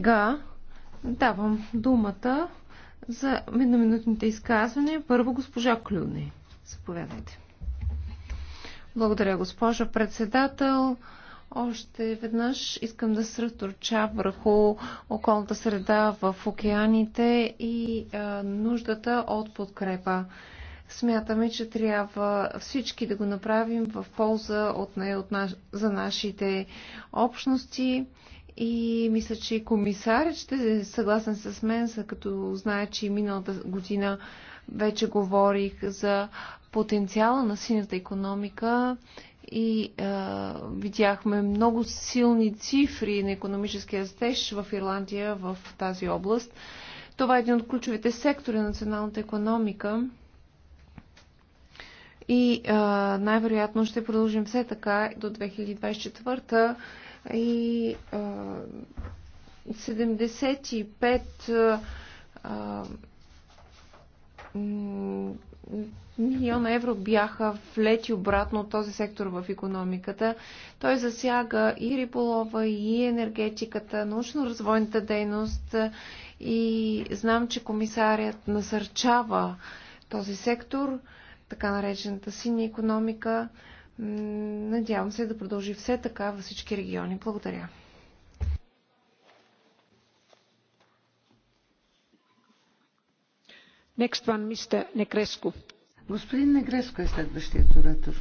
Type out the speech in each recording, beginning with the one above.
Сега давам думата за едноминутните изказвания. Първо госпожа Клюни. Заповядайте. Благодаря, госпожа председател. Още веднъж искам да сръторча върху околната среда в океаните и е, нуждата от подкрепа. Смятаме, че трябва всички да го направим в полза от, от, за нашите общности и мисля, че и комисарът ще е съгласен с мен, като знае, че и миналата година вече говорих за потенциала на синята економика и е, видяхме много силни цифри на економическия стеж в Ирландия в тази област. Това е един от ключовите сектори на националната економика и най-вероятно ще продължим все така до 2024 и 75 милиона евро бяха влети обратно от този сектор в економиката. Той засяга и риболова, и енергетиката, научно-развойната дейност и знам, че комисарият насърчава този сектор, така наречената синя економика. Надявам се да продължи все така във всички региони. Благодаря. Next one, Mr. Negrescu. Господин Негреско е следващият оратор.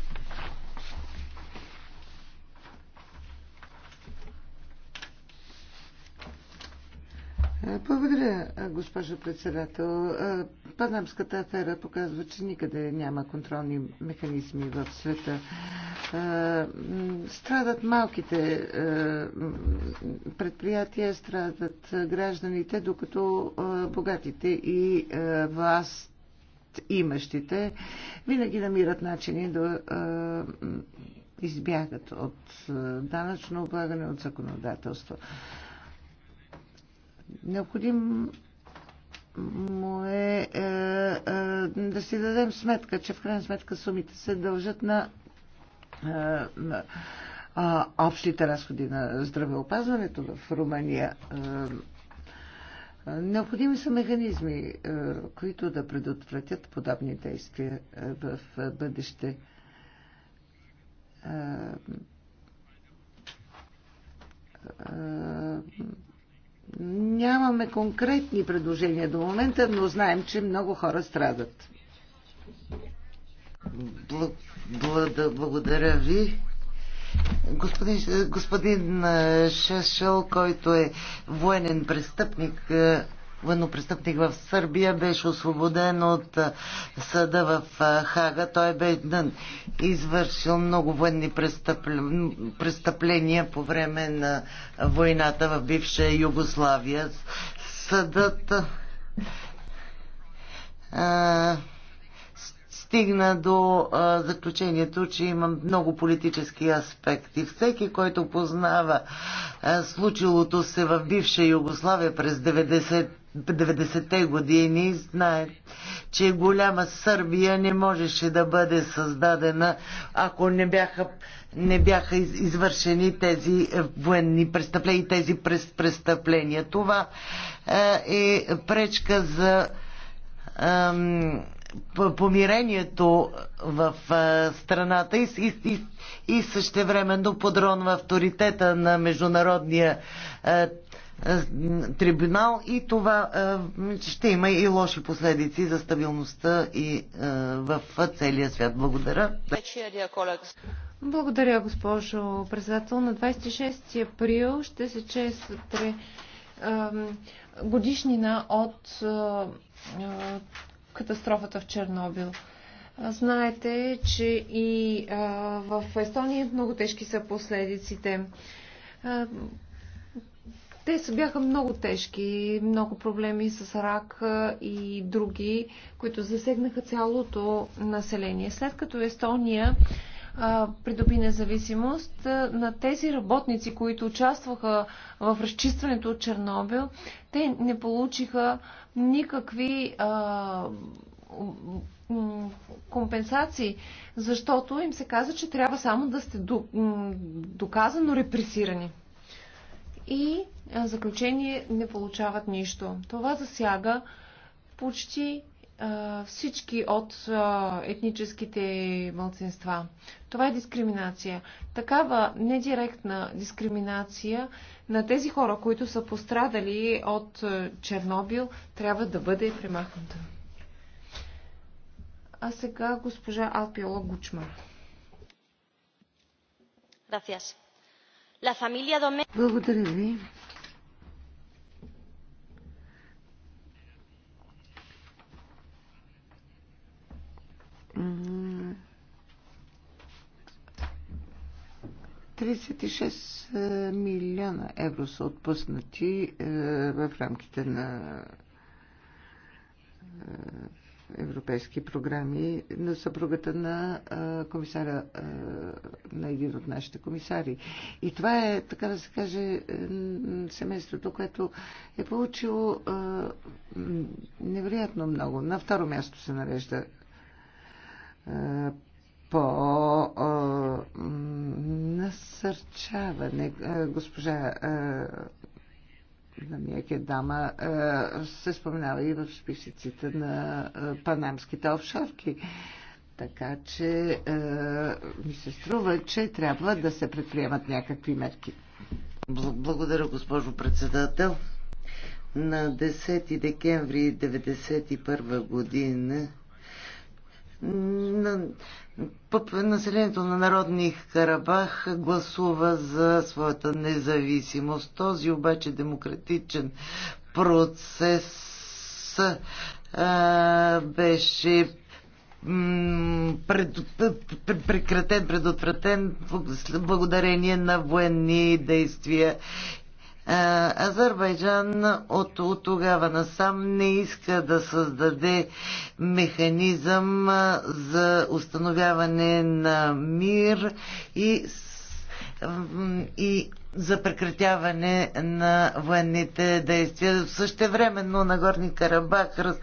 Е, благодаря, е, госпожо председател. Е, Панамската афера показва, че никъде няма контролни механизми в света. Страдат малките предприятия, страдат гражданите, докато богатите и власт имащите винаги намират начини да избягат от данъчно облагане, от законодателство. Необходим му е, е, е да си дадем сметка, че в крайна сметка сумите се дължат на, е, на общите разходи на здравеопазването в Румъния. Е, е, необходими са механизми, е, които да предотвратят подобни действия в бъдеще. Нямаме конкретни предложения до момента, но знаем, че много хора страдат. Благодаря ви. Господин, господин Шешел, който е военен престъпник, военнопрестъпник в Сърбия беше освободен от съда в Хага. Той бе извършил много военни престъпления по време на войната в бивша Югославия. Съдът а, стигна до а, заключението, че има много политически аспекти. Всеки, който познава а, случилото се в бивша Югославия през 90 90-те години знае, че голяма Сърбия не можеше да бъде създадена, ако не бяха, не бяха извършени тези е, военни престъпления и тези престъпления. Това е, е пречка за помирението в страната и, и, и същевременно подронва авторитета на Международния трибунал и това ще има и лоши последици за стабилността и в целия свят. Благодаря. Благодаря, госпожо председател. На 26 април ще се чества годишнина от катастрофата в Чернобил. Знаете, че и а, в Естония много тежки са последиците. А, те са, бяха много тежки, много проблеми с рак и други, които засегнаха цялото население. След като Естония придоби независимост, на тези работници, които участваха в разчистването от Чернобил, те не получиха никакви а, компенсации, защото им се каза, че трябва само да сте доказано репресирани. И а, заключение не получават нищо. Това засяга почти всички от етническите мълцинства. Това е дискриминация. Такава недиректна дискриминация на тези хора, които са пострадали от Чернобил, трябва да бъде примахната. А сега госпожа Алпиола Гучма. Благодаря ви. 36 е, милиона евро са отпуснати е, в рамките на е, европейски програми на съпругата на комисара, на един от нашите комисари. И това е, така да се каже, семейството, което е получило невероятно много. На второ място се нарежда по насърчаване. Госпожа Намияке дама се споменава и в списъците на панамските офшорки. Така че ми се струва, че трябва да се предприемат някакви мерки. Благодаря, госпожо председател. На 10 декември 1991 година населението на Народния Карабах гласува за своята независимост. Този обаче демократичен процес а, беше пред, прекратен, предотвратен благодарение на военни действия е, Азербайджан от, от тогава насам не иска да създаде механизъм е, за установяване на мир и, и за прекратяване на военните действия. Същевременно Нагорни Карабах раз,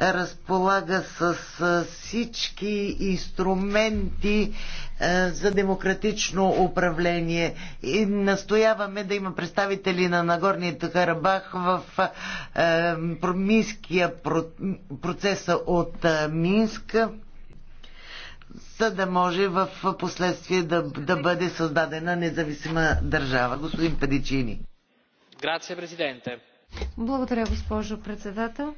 разполага с е, всички инструменти е, за демократично управление и настояваме да има представители на Нагорния Карабах в е, Минския процеса от е, Минск за да може в последствие да, да бъде създадена независима държава. Господин Педичини. президенте. Благодаря, госпожо председател.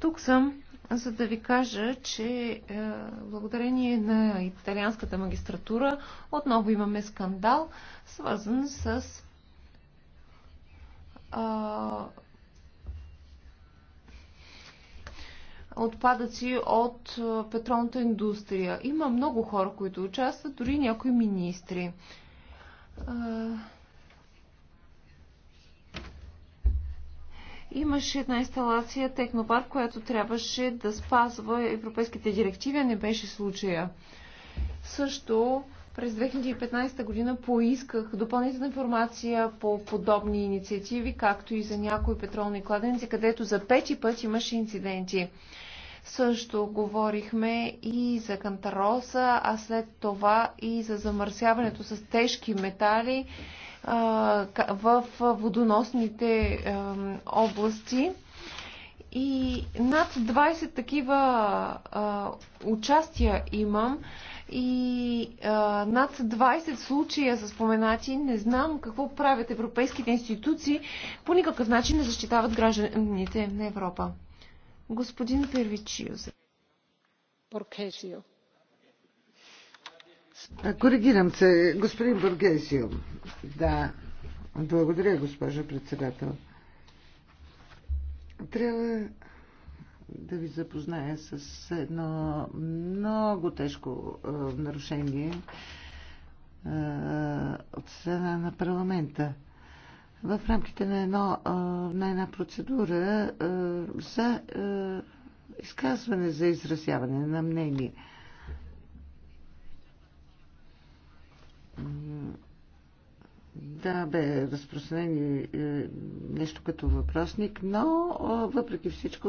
Тук съм, за да ви кажа, че е, благодарение на италианската магистратура отново имаме скандал, свързан с е, отпадъци от петролната индустрия. Има много хора, които участват, дори някои министри. Е, Имаше една инсталация Технопарк, която трябваше да спазва европейските директиви, а не беше случая. Също през 2015 година поисках допълнителна информация по подобни инициативи, както и за някои петролни кладенци, където за пети път имаше инциденти. Също говорихме и за кантароса, а след това и за замърсяването с тежки метали в водоносните области. И над 20 такива а, участия имам и а, над 20 случая са споменати. Не знам какво правят европейските институции. По никакъв начин не защитават гражданите на Европа. Господин Первичиус. Поркесио. Коригирам се, господин Бургесио. Да, благодаря, госпожо председател. Трябва да ви запозная с едно много тежко е, нарушение е, от страна на парламента. В рамките на, едно, е, на една процедура е, за е, изказване, за изразяване на мнение. Да, бе разпространен е, нещо като въпросник, но е, въпреки всичко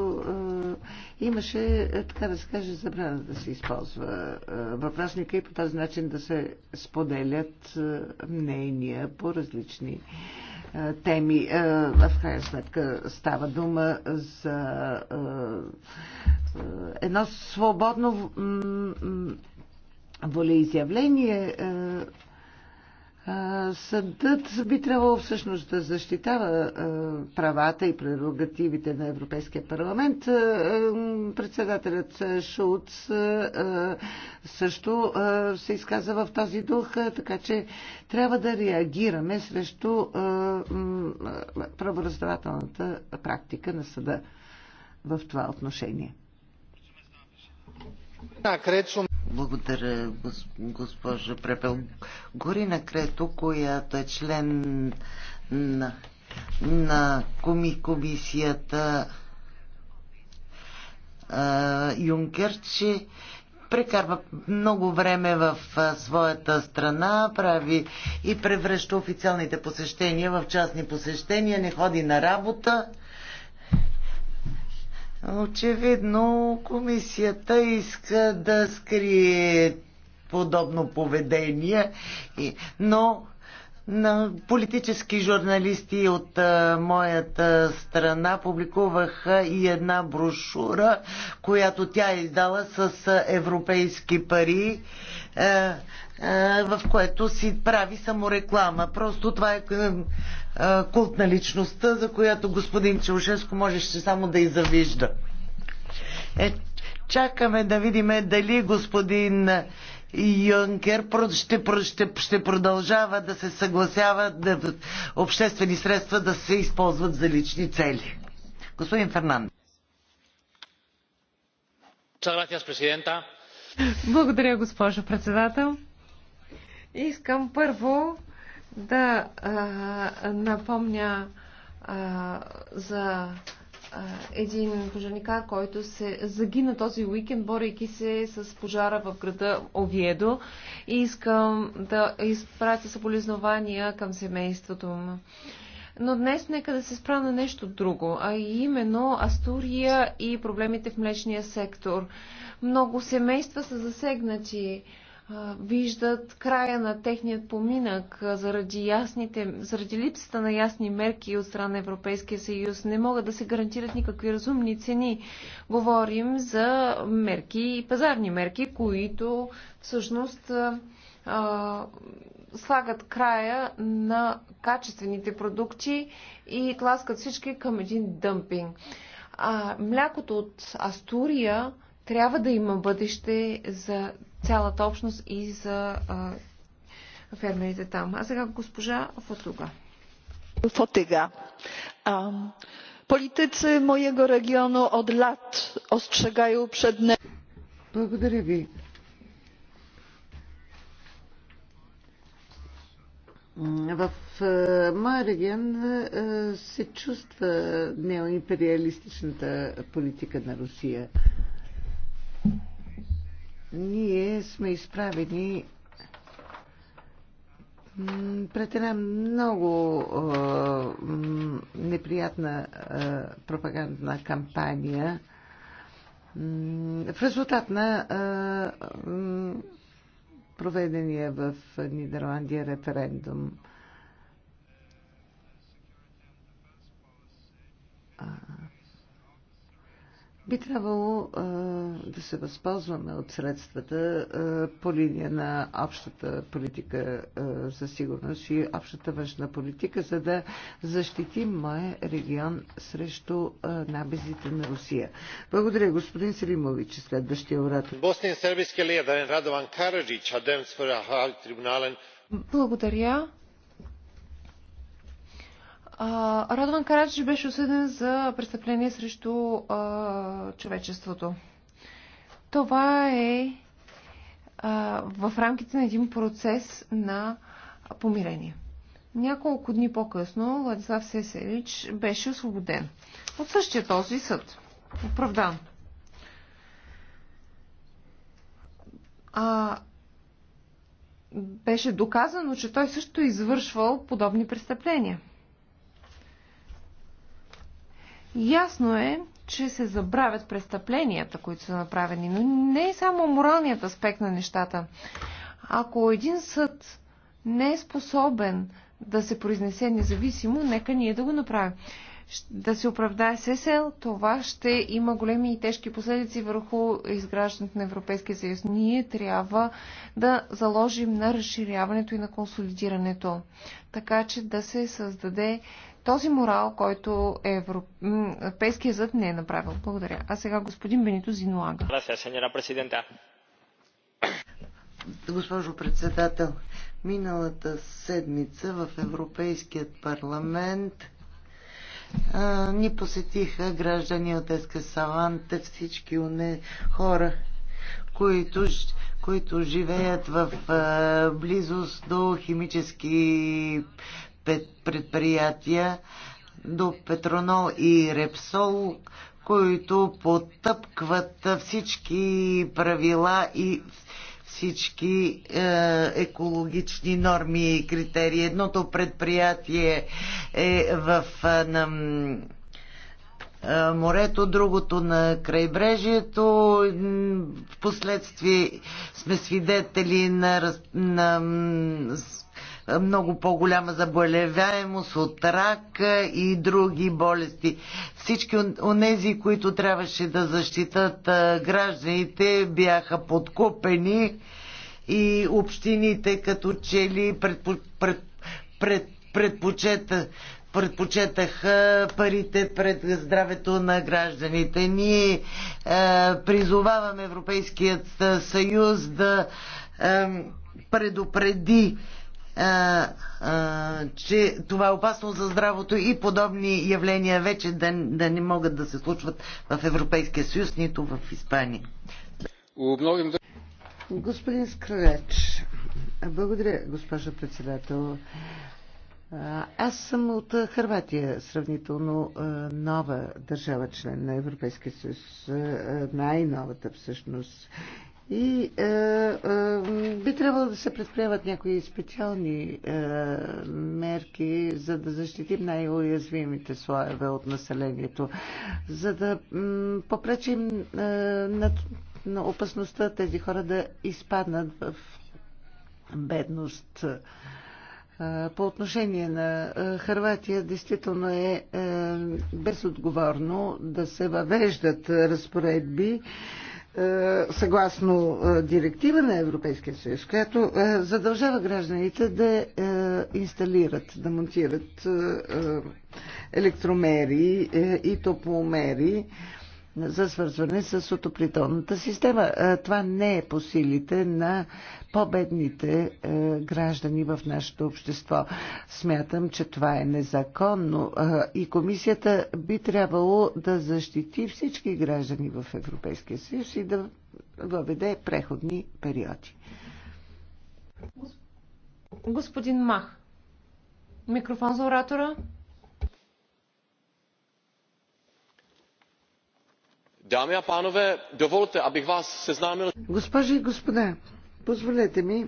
е, имаше, е, така да се каже, забрана да се използва е, въпросника и по този начин да се споделят е, мнения по различни е, теми. Е, в крайна сметка става дума за е, е, едно свободно волеизявление. Е, Съдът би трябвало всъщност да защитава правата и прерогативите на Европейския парламент. Председателят Шулц също се изказа в този дух, така че трябва да реагираме срещу правораздавателната практика на съда в това отношение. Благодаря, госпожо Препел. Горина Крето, която е член на, на коми, комисията а, Юнкер, че прекарва много време в своята страна, прави и превръща официалните посещения в частни посещения, не ходи на работа Очевидно комисията иска да скрие подобно поведение, но на политически журналисти от а, моята страна публикуваха и една брошура, която тя е издала с а, европейски пари. А, е, е, в което си прави самореклама. Просто това е, е култ на личността, за която господин Челшеско можеше само да и завижда. Е, чакаме да видим дали господин Юнкер ще, ще, ще продължава да се съгласява да обществени средства да се използват за лични цели. Господин Фернандо. Благодаря, госпожо председател. Искам първо да а, напомня а, за а, един пожарникар, който се загина този уикенд, борейки се с пожара в града Овиедо. И искам да изпратя съболезнования към семейството му. Но днес нека да се спра на нещо друго, а именно Астурия и проблемите в млечния сектор. Много семейства са засегнати виждат края на техният поминък заради, ясните, заради липсата на ясни мерки от страна на Европейския съюз. Не могат да се гарантират никакви разумни цени. Говорим за мерки и пазарни мерки, които всъщност слагат края на качествените продукти и тласкат всички към един дъмпинг. А, млякото от Астурия трябва да има бъдеще за цялата общност и за а, фермерите там. А сега госпожа Фотуга. Фотуга. Политици моего региона от od lat пред не... Благодаря ви. В моя регион се чувства неоимпериалистичната политика на Русия ние сме изправени пред една много е, неприятна е, пропагандна кампания в резултат на е, проведения в Нидерландия референдум. Би трябвало а, да се възползваме от средствата а, по линия на общата политика а, за сигурност и общата външна политика, за да защитим моя регион срещу а, набезите на Русия. Благодаря, господин Селимович, следващия оратор. Босния сърбийски лидер Радован Караджич, дъмс в Трибунален. Благодаря. Радван Караджи беше осъден за престъпление срещу а, човечеството. Това е а, в рамките на един процес на помирение. Няколко дни по-късно Владислав Сеселич беше освободен от същия този съд. Оправдан. А, беше доказано, че той също е извършвал подобни престъпления – Ясно е, че се забравят престъпленията, които са направени, но не е само моралният аспект на нещата. Ако един съд не е способен да се произнесе независимо, нека ние да го направим. Да се оправдае ССЛ, това ще има големи и тежки последици върху изграждането на Европейския съюз. Ние трябва да заложим на разширяването и на консолидирането, така че да се създаде този морал, който Европ... Европейския зад не е направил. Благодаря. А сега господин Бенито Зинуага. Госпожо председател, миналата седмица в Европейският парламент а, ни посетиха граждани от Ескесаванте, всички уне хора, които, които живеят в а, близост до химически предприятия до Петронол и Репсол, които потъпкват всички правила и всички е, екологични норми и критерии. Едното предприятие е в е, на, е, морето, другото на крайбрежието. В последствие сме свидетели на, на много по-голяма заболеваемост от рак и други болести. Всички онези, които трябваше да защитат гражданите, бяха подкупени и общините като че ли предпо, пред, пред, предпочета, предпочетаха парите пред здравето на гражданите. Ние е, призоваваме Европейският съюз да е, предупреди че това е опасно за здравото и подобни явления вече да, да не могат да се случват в Европейския съюз, нито в Испания. Господин Скралеч, благодаря, госпожа председател. Аз съм от Харватия, сравнително нова държава, член на Европейския съюз, най-новата всъщност. И е, е, би трябвало да се предприемат някои специални е, мерки, за да защитим най-уязвимите слоеве от населението, за да м- попречим е, на, на опасността тези хора да изпаднат в бедност. Е, по отношение на е, Харватия, действително е, е безотговорно да се въвеждат разпоредби, е, съгласно е, директива на Европейския съюз, която е, задължава гражданите да инсталират, да монтират електромери и топломери за свързване с отоплителната система. Е, това не е по силите на по-бедните е, граждани в нашето общество. Смятам, че това е незаконно е, и комисията би трябвало да защити всички граждани в Европейския съюз и да въведе преходни периоди. Господин Мах, микрофон за оратора. Дами и панове, доволте, абих вас сезнамил... Госпожи и господа, позволете ми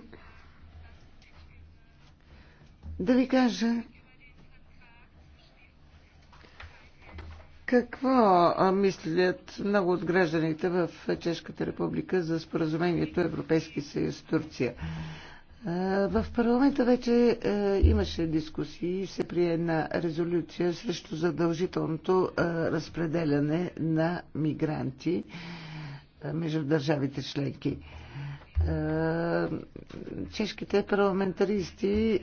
да ви кажа какво мислят много от гражданите в Чешката република за споразумението Европейски съюз Турция. В парламента вече имаше дискусии и се прие една резолюция срещу задължителното разпределяне на мигранти между държавите членки. Чешките парламентаристи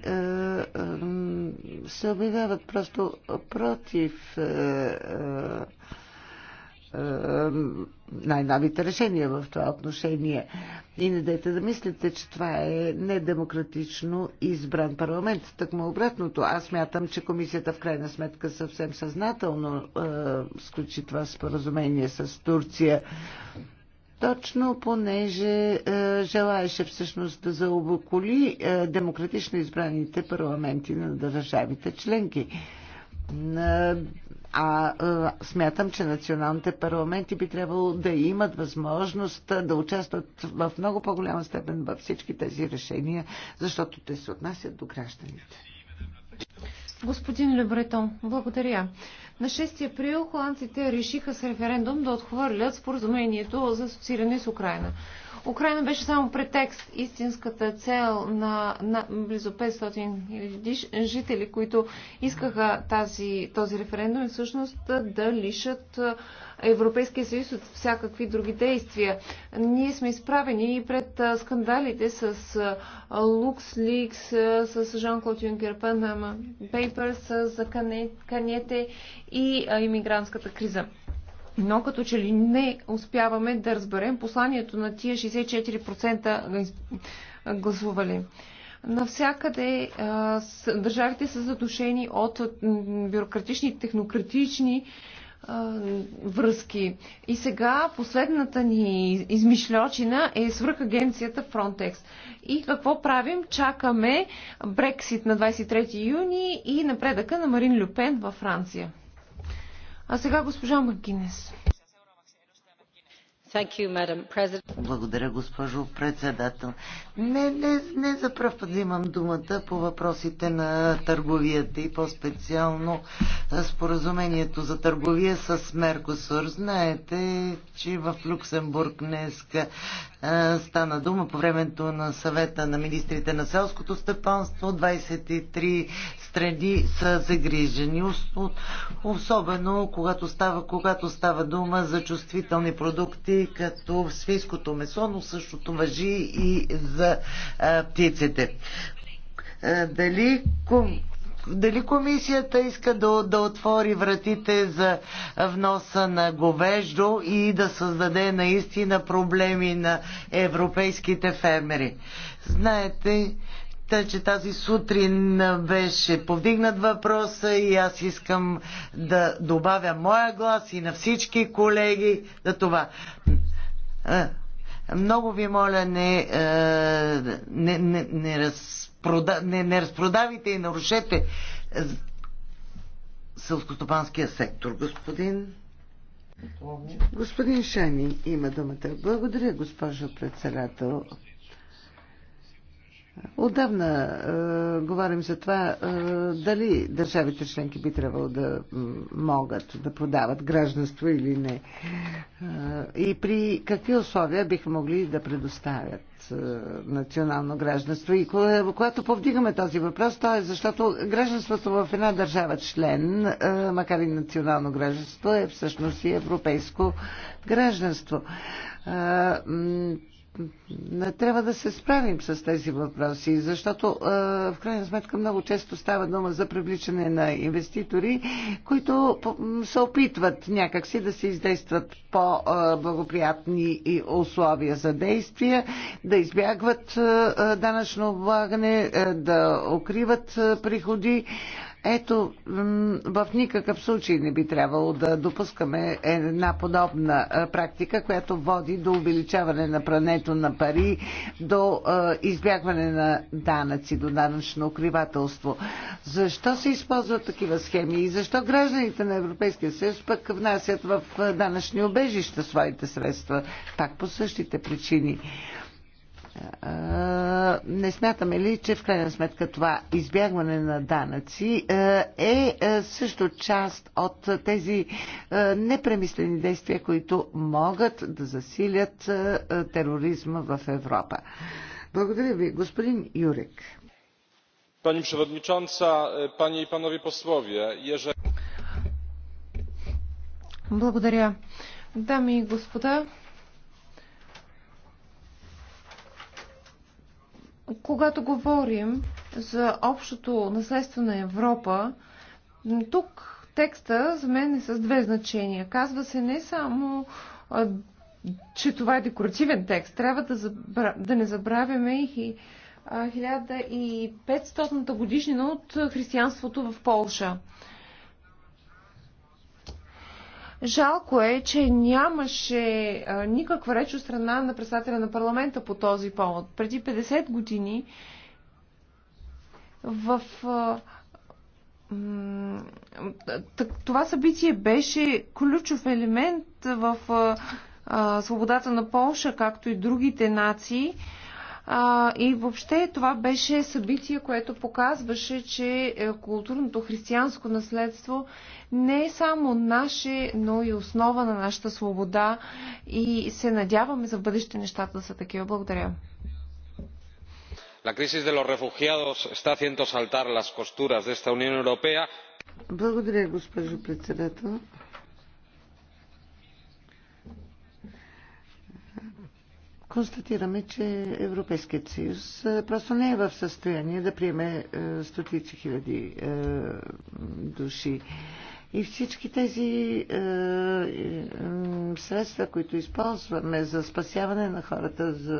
се обявяват просто против е, най-новите решения в това отношение. И не дайте да мислите, че това е недемократично избран парламент. му обратното. Аз мятам, че комисията в крайна сметка съвсем съзнателно е, сключи това споразумение с Турция. Точно понеже е, желаеше всъщност да заобоколи е, демократично избраните парламенти на държавите членки е, а, а смятам, че националните парламенти би трябвало да имат възможност да участват в много по-голяма степен във всички тези решения, защото те се отнасят до гражданите. Господин Лебретон, благодаря. На 6 април холандците решиха с референдум да отхвърлят споразумението за асоцииране с Украина. Украина беше само претекст. Истинската цел на, на близо 500 жители, които искаха тази, този референдум, е всъщност да лишат Европейския съюз от всякакви други действия. Ние сме изправени и пред скандалите с LuxLeaks, с Жан-Клод Юнкер, Panama Papers, за Канете и иммигрантската криза но като че ли не успяваме да разберем посланието на тия 64% гласували. Навсякъде държавите са задушени от бюрократични, технократични връзки. И сега последната ни измишлячина е свръхагенцията Frontex. И какво правим? Чакаме Брексит на 23 юни и напредъка на Марин Люпен във Франция. А сега госпожа Магинес. You, Благодаря, госпожо председател. Не, не, не за пръв път взимам думата по въпросите на търговията и по-специално споразумението за търговия с Меркосур. Знаете, че в Люксембург днес стана дума по времето на съвета на министрите на селското стъпанство. 23 страни са загрижени. Особено когато става, когато става дума за чувствителни продукти, като свинското месо, но същото въжи и за а, птиците. А, дали дали комисията иска да, да отвори вратите за вноса на говеждо и да създаде наистина проблеми на европейските фермери. Знаете, че тази сутрин беше повдигнат въпроса и аз искам да добавя моя глас и на всички колеги за това. Е, много ви моля, не, е, не, не, не, разпрода, не, не разпродавите и нарушете сълскостопанския сектор, господин. Господин Шани има думата. Благодаря, госпожо председател. Отдавна е, говорим за това е, дали държавите членки би трябвало да могат да продават гражданство или не. Е, и при какви условия биха могли да предоставят е, национално гражданство. И когато повдигаме този въпрос, то е защото гражданството в една държава член, е, макар и национално гражданство, е всъщност и европейско гражданство е, не трябва да се справим с тези въпроси, защото е, в крайна сметка много често става дума за привличане на инвеститори, които се опитват някакси да се издействат по-благоприятни е, условия за действия, да избягват е, данъчно облагане, да укриват приходи. Ето, в никакъв случай не би трябвало да допускаме една подобна практика, която води до увеличаване на прането на пари, до избягване на данъци, до данъчно укривателство. Защо се използват такива схеми и защо гражданите на Европейския съюз пък внасят в данъчни обежища своите средства? Пак по същите причини не смятаме ли, че в крайна сметка това избягване на данъци е също част от тези непремислени действия, които могат да засилят тероризма в Европа? Благодаря ви, господин Юрик. Pani przewodnicząca, panie i panowie posłowie, jeżeli... Благодаря. Дами и господа, Когато говорим за общото наследство на Европа, тук текста за мен е с две значения. Казва се не само, че това е декоративен текст. Трябва да, забра... да не забравяме и 1500-та годишнина от християнството в Полша. Жалко е, че нямаше никаква реч от страна на председателя на парламента по този повод. Преди 50 години в това събитие беше ключов елемент в свободата на Полша, както и другите нации. А, и въобще това беше събитие, което показваше, че е, културното християнско наследство не е само наше, но и основа на нашата свобода и се надяваме за бъдеще нещата да са такива. Благодаря. La crisis de los refugiados está haciendo saltar las costuras de esta Unión Europea. Благодаря, госпожо председател. констатираме, че Европейският съюз просто не е в състояние да приеме стотици хиляди души. И всички тези е, е, средства, които използваме за спасяване на хората, за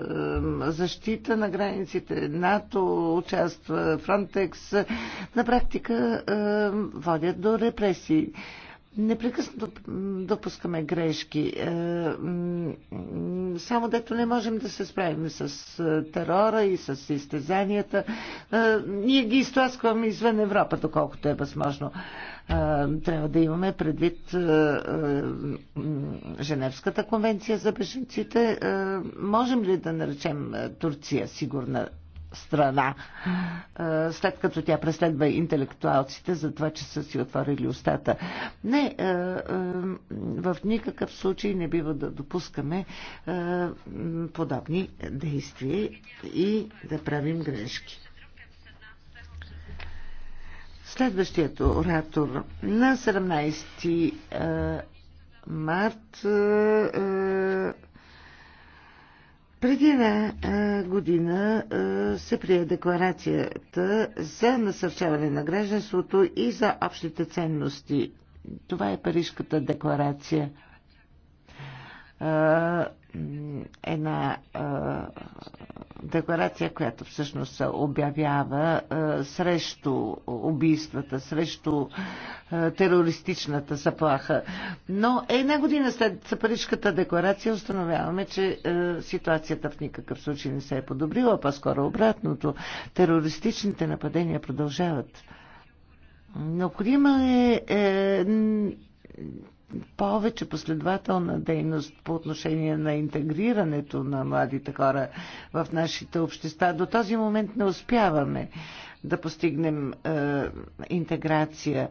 е, защита на границите, НАТО участва, Фронтекс, на практика е, водят до репресии. Е, Непрекъснато допускаме грешки. Е, само дето не можем да се справим с е, терора и с изтезанията. Е, ние ги изтласкваме извън Европа, доколкото е възможно. Трябва да имаме предвид Женевската конвенция за беженците. Можем ли да наречем Турция сигурна страна, след като тя преследва интелектуалците за това, че са си отворили устата. Не, в никакъв случай не бива да допускаме подобни действия и да правим грешки. Следващият оратор на 17 март преди една година се прие декларацията за насърчаване на гражданството и за общите ценности. Това е Парижката декларация. Една декларация, която всъщност се обявява срещу убийствата, срещу е, терористичната заплаха. Но една година след Парижката декларация установяваме, че е, ситуацията в никакъв случай не се е подобрила, по-скоро обратното. Терористичните нападения продължават. Необходима е, е повече последователна дейност по отношение на интегрирането на младите хора в нашите общества. До този момент не успяваме да постигнем е, интеграция.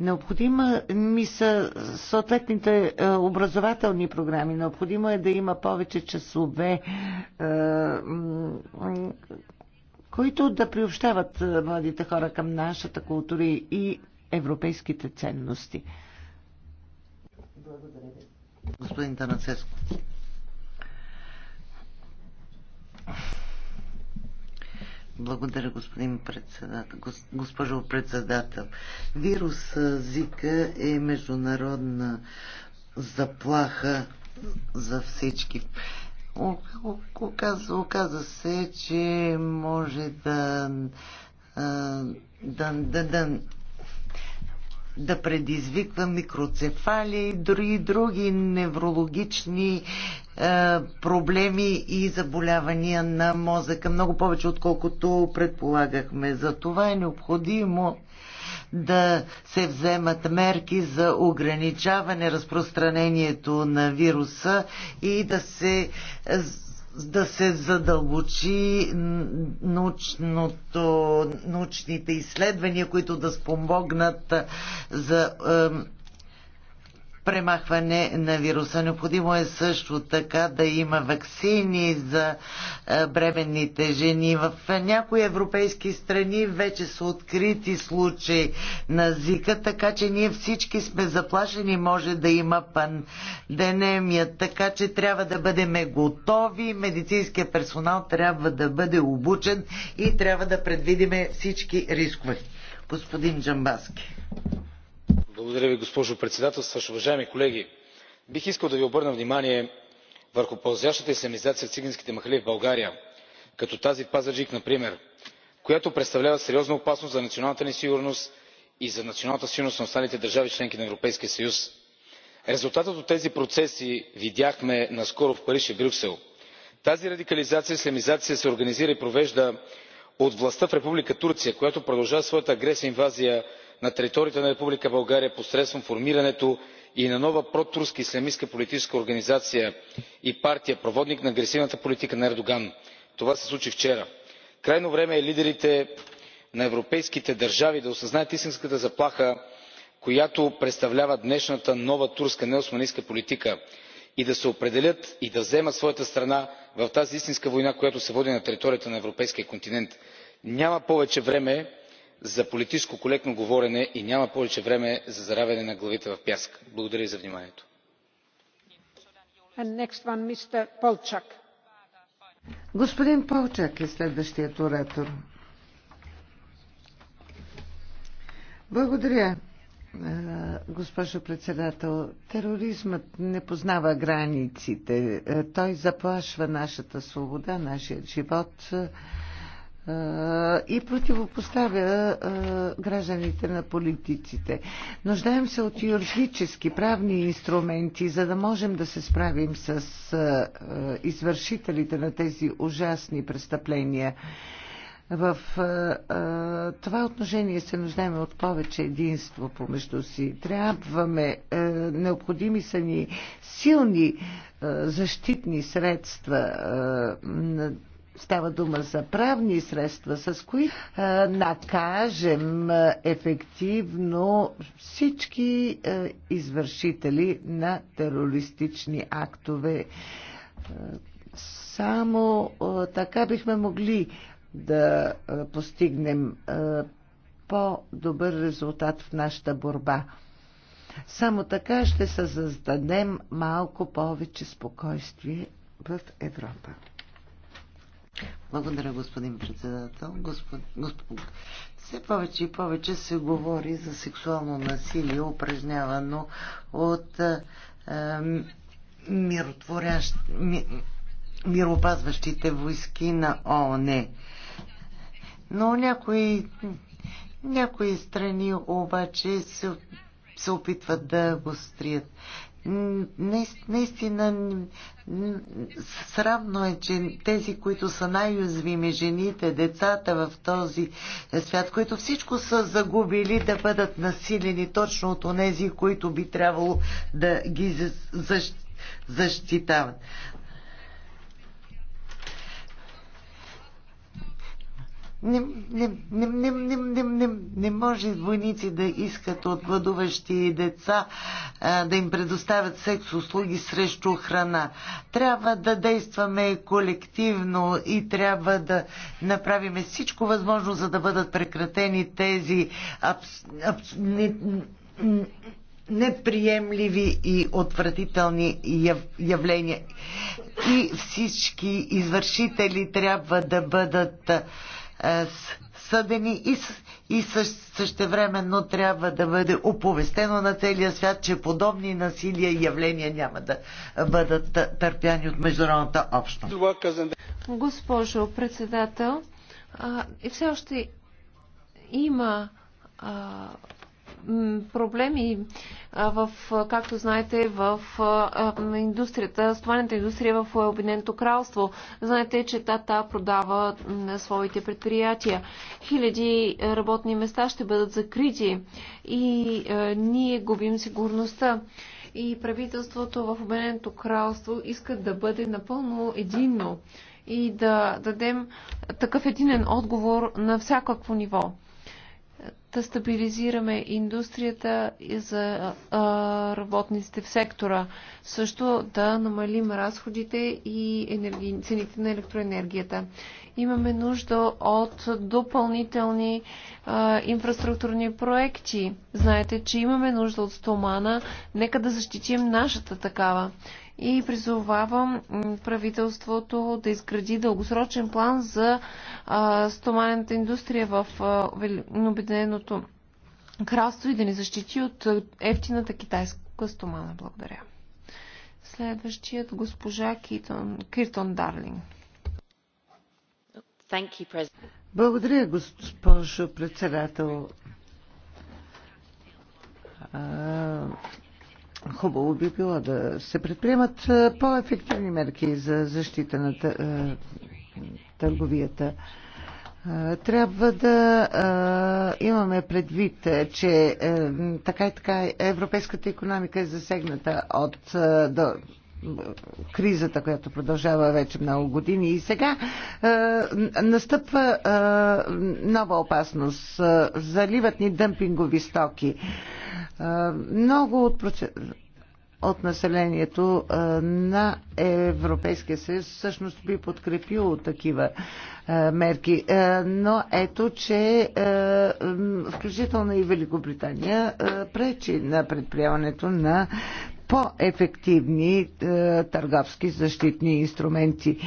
Необходима ми са съответните е, образователни програми. Необходимо е да има повече часове. Е, които да приобщават е, младите хора към нашата култура и европейските ценности. Благодаря ви. Господин Танацеско. Благодаря, господин председател. Госпожо председател, вирус Зика е международна заплаха за всички. Оказа, оказа се, че може да, да, да, да да предизвиква микроцефалия и други, други неврологични е, проблеми и заболявания на мозъка, много повече отколкото предполагахме. За това е необходимо да се вземат мерки за ограничаване разпространението на вируса и да се да се задълбочи научното, научните изследвания, които да спомогнат за премахване на вируса. Необходимо е също така да има вакцини за е, бременните жени. В някои европейски страни вече са открити случаи на зика, така че ние всички сме заплашени. Може да има пандемия, така че трябва да бъдем готови. Медицинския персонал трябва да бъде обучен и трябва да предвидиме всички рискове. Господин Джамбаски. Благодаря ви, госпожо председателстващ уважаеми колеги! бих искал да ви обърна внимание върху пълзящата ислямизация в циганските махали в българия като тази в пазарджик например която представлява сериозна опасност за националната ни сигурност и за националната сигурност на останалите държави членки на европейския съюз. резултатът от тези процеси видяхме наскоро в париж и брюксел. тази радикализация и ислямизация се организира и провежда от властта в република турция която продължава своята агресия и инвазия на територията на република българя посредством формирането и на нова протурска ислямистка политическа организация и партия проводник на агресивната политика на ердоган. това се случи вчера. крайно време е лидерите на европейските държави да осъзнаят истинската заплаха която представлява днешната нова турска неоосманистка политика и да се определят и да заемат своята страна в тази истинска война която се води на територията на европейския континент. няма повече време за политическо коректно говорене и няма повече време за заравяне на главите в пясъка. благодаря ви за вниманието. Господин Полчак е следващият оратор. Благодаря, е, госпожо председател. Тероризмът не познава границите. Е, той заплашва нашата свобода, нашия живот и противопоставя гражданите на политиците. Нуждаем се от юридически правни инструменти, за да можем да се справим с извършителите на тези ужасни престъпления. В това отношение се нуждаем от повече единство помежду си. Трябваме, необходими са ни силни защитни средства. на. Става дума за правни средства, с кои а, накажем а, ефективно всички а, извършители на терористични актове. А, само а, така бихме могли да а, постигнем а, по-добър резултат в нашата борба. Само така ще създадем малко повече спокойствие в Европа. Благодаря, господин председател. Господ... Господ... Все повече и повече се говори за сексуално насилие, упражнявано от е, миротворящ... ми... миропазващите войски на ООН. Но някои, някои страни обаче се, се опитват да го стрият наистина срамно е, че тези, които са най-уязвими, жените, децата в този свят, които всичко са загубили да бъдат насилени точно от тези, които би трябвало да ги защитават. Не, не, не, не, не, не, не, не може войници да искат от гладуващи деца а, да им предоставят секс услуги срещу храна. Трябва да действаме колективно и трябва да направим всичко възможно, за да бъдат прекратени тези абс, абс, не, неприемливи и отвратителни яв, явления. И всички извършители трябва да бъдат е, съдени и, и същевременно трябва да бъде оповестено на целия свят, че подобни насилия и явления няма да бъдат търпяни от международната общност. Госпожо председател, а, все още има а, проблеми, в, както знаете, в индустрията, стоманната индустрия в Обединеното кралство. Знаете, че Тата продава своите предприятия. Хиляди работни места ще бъдат закрити и ние губим сигурността и правителството в Обединеното кралство иска да бъде напълно единно и да дадем такъв единен отговор на всякакво ниво да стабилизираме индустрията и за а, работниците в сектора. Също да намалим разходите и енерги... цените на електроенергията. Имаме нужда от допълнителни а, инфраструктурни проекти. Знаете, че имаме нужда от стомана. Нека да защитим нашата такава и призовавам правителството да изгради дългосрочен план за стоманената индустрия в Обединеното кралство и да ни защити от ефтината китайска стомана. Благодаря. Следващият госпожа Китон, Киртон Дарлинг. Благодаря, госпожо председател. Хубаво би било да се предприемат по-ефективни мерки за защита на търговията. Трябва да имаме предвид, е, че така и така европейската економика е засегната от до, кризата, която продължава вече много години. И сега настъпва нова опасност. Заливат ни дъмпингови стоки. Много от, от населението на Европейския съюз всъщност би подкрепило такива мерки. Но ето, че включително и Великобритания пречи на предприемането на по-ефективни търговски защитни инструменти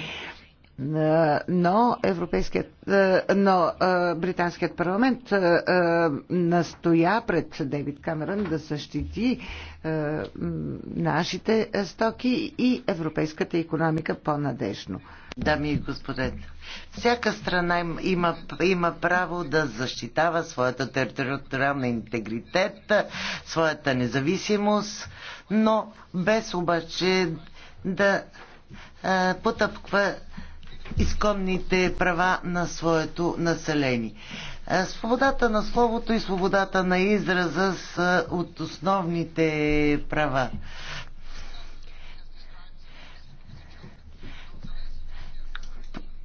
но, европейският, е, но е, британският парламент е, настоя пред Дейвид Камерън да защити нашите стоки и европейската економика по-надежно. Дами и господа, всяка страна има, има право да защитава своята териториална интегритет, своята независимост, но без обаче да потъпква изконните права на своето население. Е, свободата на словото и свободата на израза са от основните права.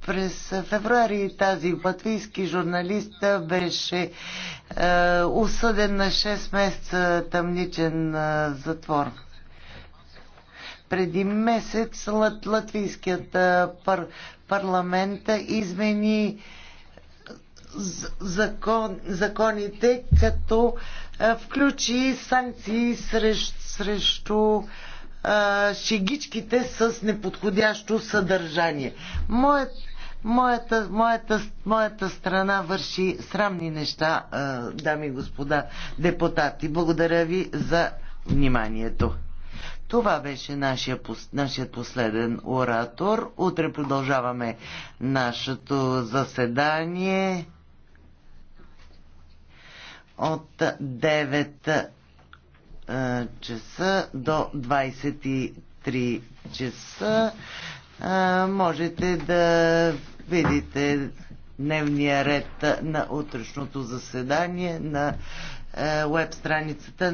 през февруари тази латвийски журналист беше е, осъден на 6 месеца тъмничен е, затвор. Преди месец лат, латвийският пар, парламент измени закон, законите, като а, включи санкции срещ, срещу а, шигичките с неподходящо съдържание. Моят, моята, моята, моята страна върши срамни неща, дами и господа депутати. Благодаря ви за вниманието. Това беше нашия, нашият последен оратор. Утре продължаваме нашето заседание от 9 часа до 23 часа. Можете да видите дневния ред на утрешното заседание на веб страницата